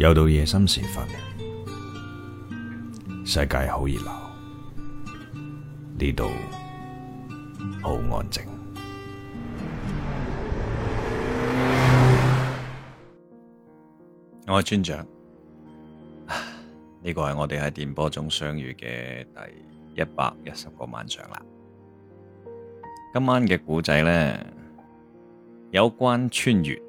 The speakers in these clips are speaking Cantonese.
又到夜深時分，世界好熱鬧，呢度好安靜。我係村長，呢個係我哋喺電波中相遇嘅第一百一十個晚上啦。今晚嘅故仔咧，有關穿越，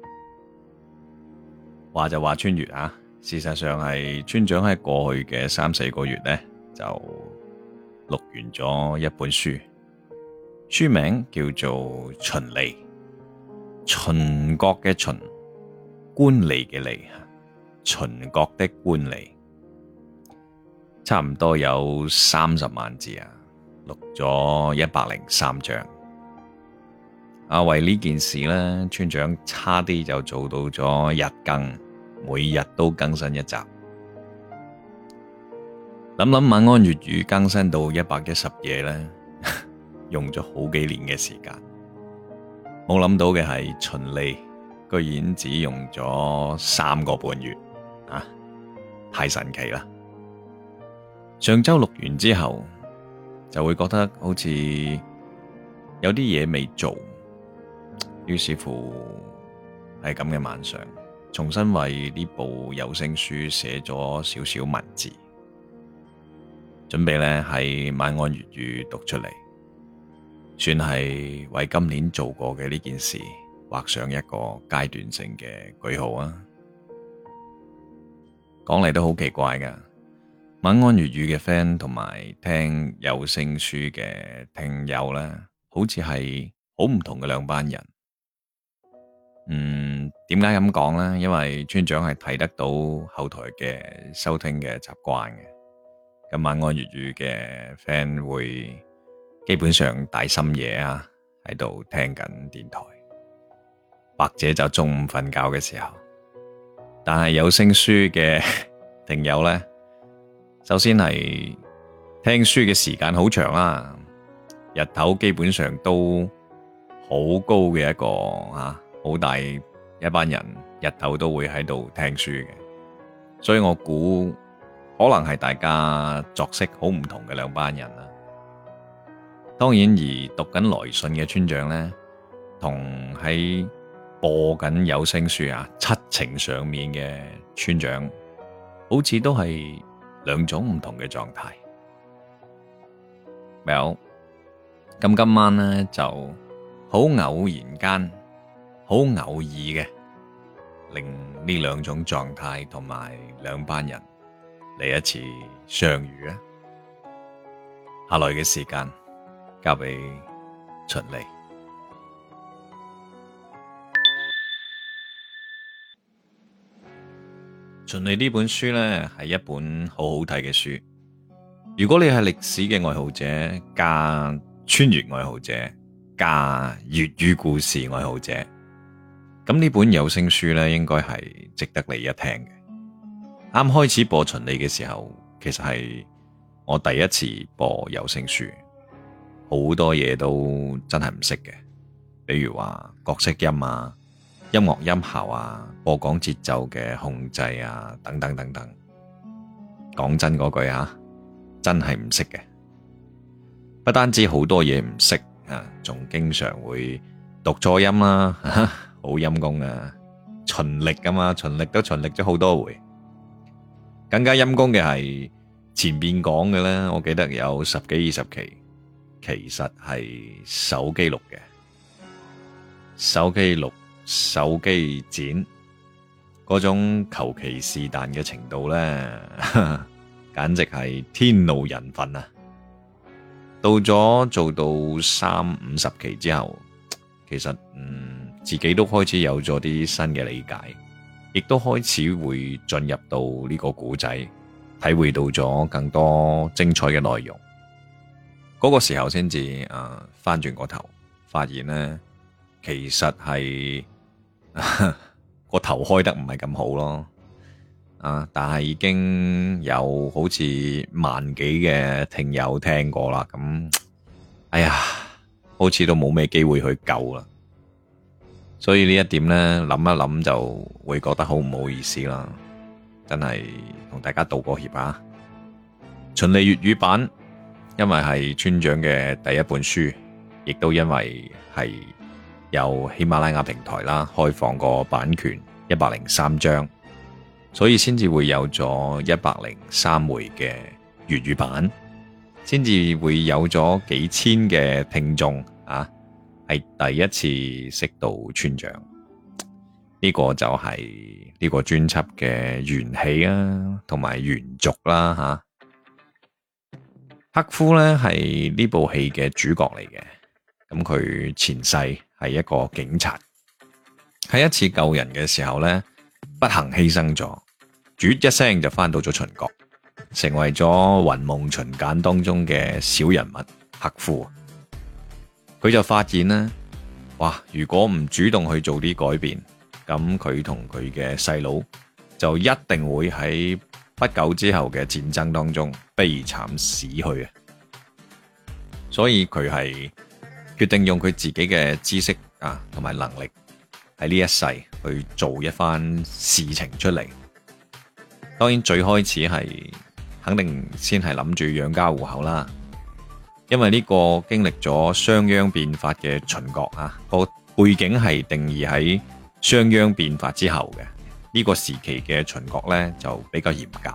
話就話穿越啊！事實上係村長喺過去嘅三四個月呢，就錄完咗一本書，書名叫做《秦吏》，秦國嘅秦，官吏嘅吏，秦國的官吏，差唔多有三十萬字啊，錄咗一百零三章。啊，為呢件事呢，村長差啲就做到咗日更。每日都更新一集，諗諗晚安粵語更新到一百一十夜咧， 用咗好幾年嘅時間。冇諗到嘅係，秦吏居然只用咗三個半月啊！太神奇啦！上周錄完之後，就會覺得好似有啲嘢未做，於是乎係咁嘅晚上。重新為呢部有聲書寫咗少少文字，準備呢喺晚安粵語讀出嚟，算係為今年做過嘅呢件事畫上一個階段性嘅句號啊！講嚟都好奇怪噶，晚安粵語嘅 fan 同埋聽有聲書嘅聽友呢，好似係好唔同嘅兩班人。嗯，點解咁講呢？因為村長係睇得到後台嘅收聽嘅習慣嘅。今晚安粵語嘅 friend 會基本上大深夜啊喺度聽緊電台，或者就中午瞓覺嘅時候。但係有聲書嘅朋友呢，首先係聽書嘅時間好長啊，日頭基本上都好高嘅一個啊。好大一班人日頭都會喺度聽書嘅，所以我估可能係大家作息好唔同嘅兩班人啦。當然而讀緊來信嘅村長咧，同喺播緊有聲書啊七情上面嘅村長，好似都係兩種唔同嘅狀態。有、well, 咁今晚咧就好偶然間。好偶爾嘅，令呢兩種狀態同埋兩班人嚟一次相遇啊！下來嘅時間交俾秦吏。秦吏呢本書呢，係一本好好睇嘅書，如果你係歷史嘅愛好者加穿越愛好者加粵語故事愛好者。咁呢本有聲書咧，應該係值得你一聽嘅。啱開始播秦吏嘅時候，其實係我第一次播有聲書，好多嘢都真係唔識嘅，比如話角色音啊、音樂音效啊、播講節奏嘅控制啊，等等等等。講真嗰句啊，真係唔識嘅。不單止好多嘢唔識啊，仲經常會讀錯音啦、啊。 好陰功啊！循力噶嘛，循力都循力咗好多回。更加陰功嘅係前邊講嘅咧，我記得有十幾二十期，其實係手機錄嘅，手機錄、手機剪，嗰種求其是但嘅程度咧，簡直係天怒人憤啊！到咗做到三五十期之後，其實嗯。自己都開始有咗啲新嘅理解，亦都開始會進入到呢個古仔，體會到咗更多精彩嘅內容。嗰、那個時候先至啊翻轉個頭，發現呢其實係個、啊、頭開得唔係咁好咯。啊，但係已經有好似萬幾嘅聽友聽過啦。咁，哎呀，好似都冇咩機會去救啦。所以呢一點呢，諗一諗就會覺得好唔好意思啦，真係同大家道個歉啊！秦吏粵語版，因為係村長嘅第一本書，亦都因為係有喜馬拉雅平台啦開放個版權一百零三章，所以先至會有咗一百零三回嘅粵語版，先至會有咗幾千嘅聽眾啊！係第一次識到村長，呢、呢個就係呢個專輯嘅緣起啊，同埋緣續啦吓。黑夫呢係呢部戲嘅主角嚟嘅，咁、嗯、佢前世係一個警察，喺一次救人嘅時候呢不幸犧牲咗，啜一聲就翻到咗秦國，成為咗雲夢秦簡當中嘅小人物黑夫。佢就發現啦。哇！如果唔主動去做啲改變，咁佢同佢嘅細佬就一定會喺不久之後嘅戰爭當中悲慘死去。所以佢係決定用佢自己嘅知識啊，同埋能力喺呢一世去做一番事情出嚟。當然最開始係肯定先係諗住養家糊口啦。因為呢個經歷咗商鞅變法嘅秦國啊，個背景係定義喺商鞅變法之後嘅呢個時期嘅秦國呢，就比較嚴格，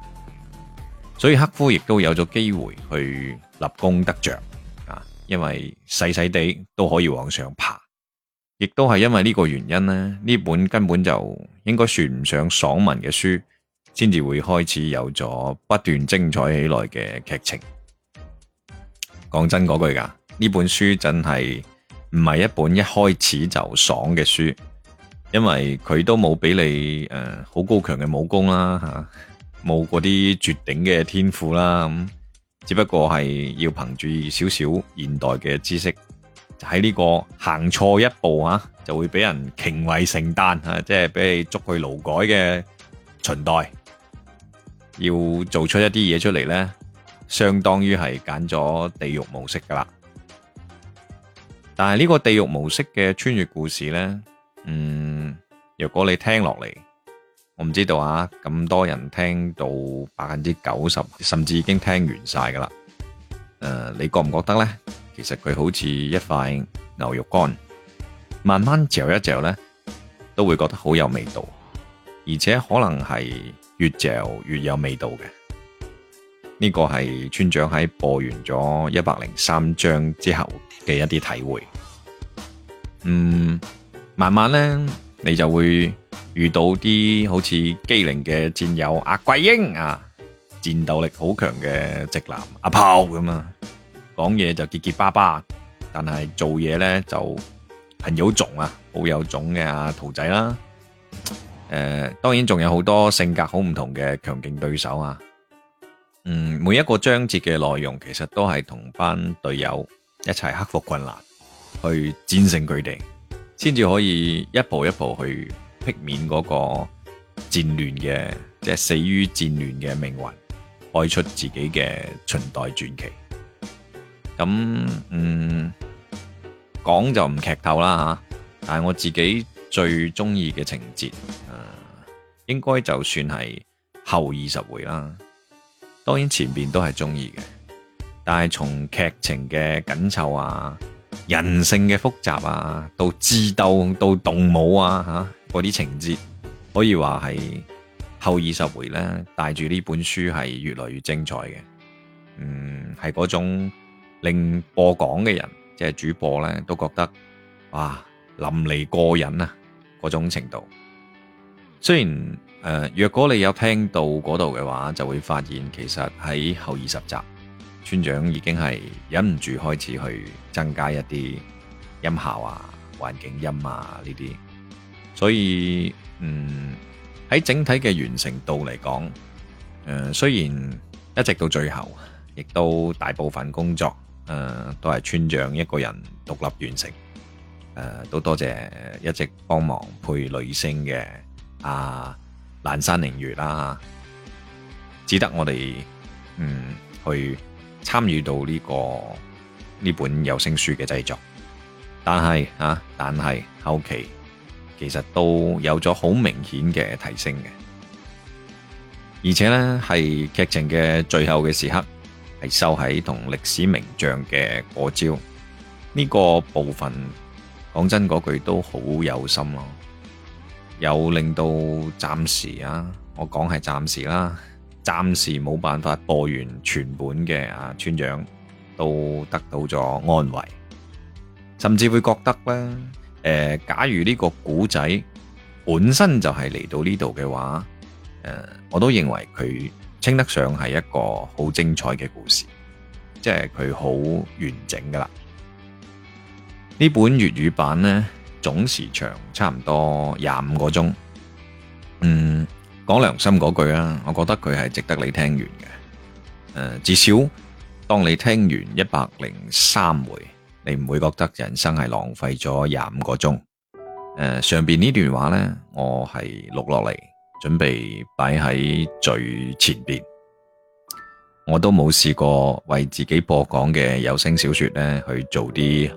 所以黑夫亦都有咗機會去立功得爵啊，因為細細地都可以往上爬，亦都係因為呢個原因咧，呢本根本就應該算唔上爽文嘅書，先至會開始有咗不斷精彩起來嘅劇情。講真嗰句噶，呢本書真係唔係一本一開始就爽嘅書，因為佢都冇俾你誒好高強嘅武功啦吓，冇嗰啲絕頂嘅天賦啦，咁，只不過係要憑住少少現代嘅知識，喺呢個行錯一步啊，就會俾人黥為城旦吓，即係俾你捉去勞改嘅秦代，要做出一啲嘢出嚟咧。相當於係揀咗地獄模式噶啦，但係呢個地獄模式嘅穿越故事呢，嗯，若果你聽落嚟，我唔知道啊，咁多人聽到百分之九十，甚至已經聽完晒噶啦，誒、呃，你覺唔覺得呢？其實佢好似一塊牛肉乾，慢慢嚼一嚼呢，都會覺得好有味道，而且可能係越嚼越有味道嘅。呢個係村長喺播完咗一百零三章之後嘅一啲體會。嗯，慢慢咧你就會遇到啲好似機靈嘅戰友阿、啊、季嬰啊，戰鬥力好強嘅直男阿豹咁啊，講嘢就結結巴巴，但係做嘢咧就很有種，很有種啊，好有種嘅阿桃仔啦。誒、啊，當然仲有好多性格好唔同嘅強勁對手啊。嗯，每一個章節嘅內容其實都係同班隊友一齊克服困難，去戰勝佢哋，先至可以一步一步去避免嗰個戰亂嘅，即係死於戰亂嘅命運，開出自己嘅秦代傳奇。咁，嗯，講就唔劇透啦吓，但係我自己最中意嘅情節，誒，嗯，應該就算係後二十回啦。當然前面都係中意嘅，但係從劇情嘅緊湊啊、人性嘅複雜啊，到智鬥到動武啊吓，嗰啲情節可以話係後二十回咧，帶住呢本書係越嚟越精彩嘅。嗯，係嗰種令播講嘅人即係主播咧都覺得哇淋漓過癮啊嗰種程度，雖然。誒、呃，若果你有聽到嗰度嘅話，就會發現其實喺後二十集，村長已經係忍唔住開始去增加一啲音效啊、環境音啊呢啲，所以嗯喺整體嘅完成度嚟講，誒、呃、雖然一直到最後，亦都大部分工作、呃、都係村長一個人獨立完成，呃、都多謝一直幫忙配女聲嘅阿。啊爛山凌月啦，只得我哋嗯去參與到呢、這個呢本有聲書嘅製作，但係啊，但係後期其實都有咗好明顯嘅提升嘅，而且呢，係劇情嘅最後嘅時刻係收喺同歷史名將嘅過招呢、這個部分，講真嗰句都好有心咯、啊。又令到暫時啊，我講係暫時啦，暫時冇辦法播完全本嘅啊村長都得到咗安慰，甚至會覺得咧，誒、呃，假如呢個古仔本身就係嚟到呢度嘅話，誒、呃，我都認為佢稱得上係一個好精彩嘅故事，即係佢好完整㗎喇。呢本粵語版咧。總時長差唔多二十五個鐘，嗯，講良心嗰句啊，我覺得佢係值得你聽完嘅。呃，至少當你聽完一百零三回，你唔會覺得人生係浪費咗二十五個鐘。呃，上邊呢段話呢，我係錄落嚟，準備擺喺最前邊。我都冇試過為自己播講嘅有聲小說呢去做啲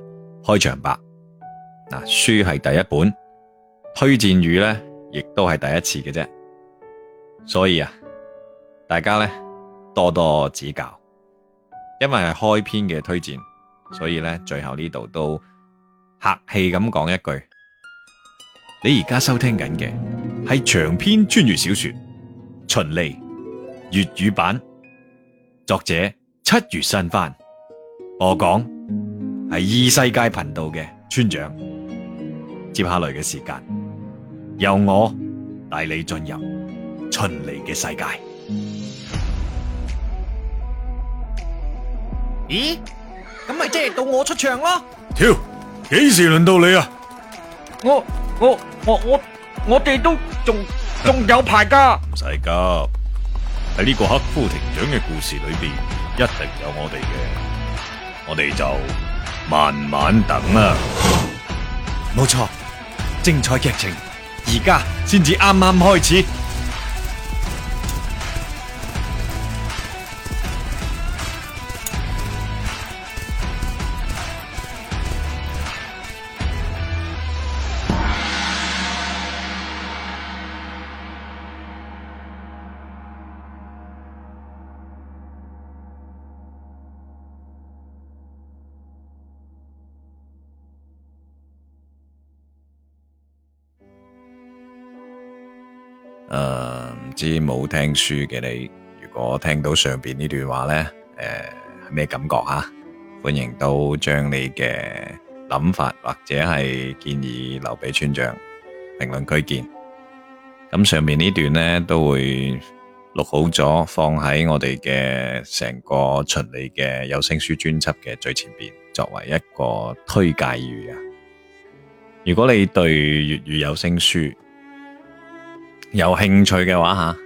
開場白。嗱，書係第一本，推薦語咧亦都係第一次嘅啫，所以啊，大家咧多多指教，因為係開篇嘅推薦，所以咧最後呢度都客氣咁講一句，你而家收聽緊嘅係長篇穿越小說《秦吏》粵語版，作者七月新番，我講係二世界頻道嘅村長。接下來嘅時間，由我帶你進入秦吏嘅世界。咦？咁咪即係到我出場咯？跳，幾時輪到你啊？我我我我我哋都仲仲有排噶。唔使急，喺呢個黑夫亭長嘅故事裏邊，一定有我哋嘅。我哋就慢慢等啦。冇錯。精彩劇情，而家先至啱啱開始。誒，唔、uh, 知冇聽書嘅你，如果聽到上邊呢段話呢，誒、呃，咩感覺啊？歡迎都將你嘅諗法或者係建議留俾村長，評論區見。咁上邊呢段呢，都會錄好咗，放喺我哋嘅成個秦吏嘅有聲書專輯嘅最前邊，作為一個推介語啊。如果你對粵語有聲書，有興趣嘅話吓，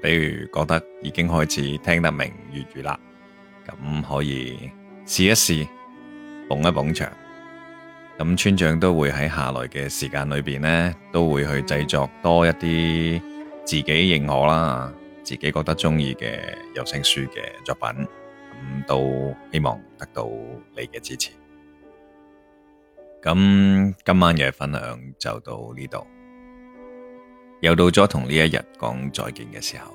比如覺得已經開始聽得明粵語啦，咁可以試一試，捧一捧場。咁村長都會喺下來嘅時間裏邊呢，都會去製作多一啲自己認可啦、自己覺得鍾意嘅有聲書嘅作品，咁都希望得到你嘅支持。咁今晚嘅分享就到呢度。又到咗同呢一日講再見嘅時候，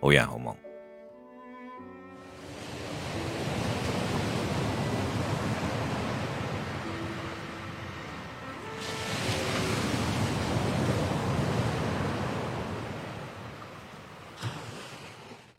好人好夢。